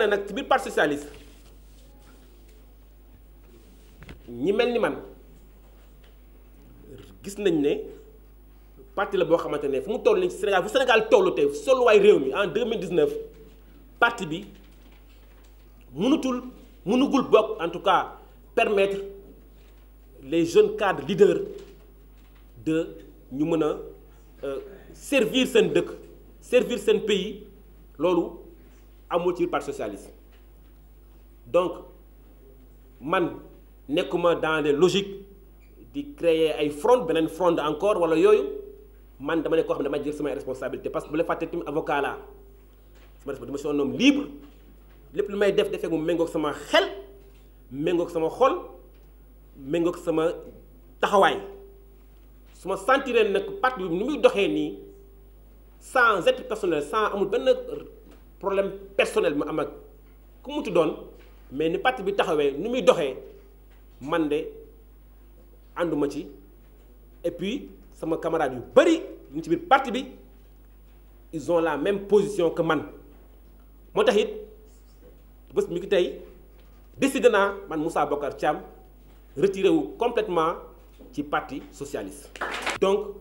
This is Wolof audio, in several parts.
Je ne ci parti socialiste ñi man gis nañ parti la Sénégal Sénégal en 2019 parti en tout cas permettre les jeunes cadres leaders de euh, servir sen servir pays amul par parti socialiste donc man nekkuma dans les logiques de créer ay front un front encore wala yo, man dama ne koo xam ne dama jël responsabilité parce que bu la fàtte tamit avocat là. sama responsabilité dama si un homme libre lépp lu may def defee mu méngoog sama xel méngoog sama xol méngoog sama taxawaay su ma sentiree ne parti du ni de doxee ni sans être personnel sans amul ben problème personnel mu am ak ku mu doon mais ni parti bi taxawé ni muy doxee man dé anduma ci et puis sama camarade yu Bari ñu ci biir parti bi ils ont la même position que man moo tax it mi ki tay décidé naa man Moussa Thiam retiré complètement ci parti socialiste donc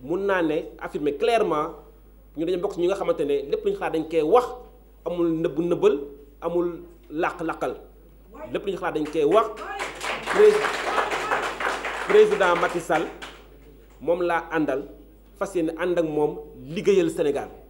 mun naa ne affirmer clairement ñu dañu bokk ñi nga xamante ne lépp luñ xalaat dañ koy wax amul nëbb nëbbal amul làq làqal lépp luñ xalaat dañ koy wax président Macky Sall moom laa àndal fas yéene ànd ak moom liggéeyal Sénégal.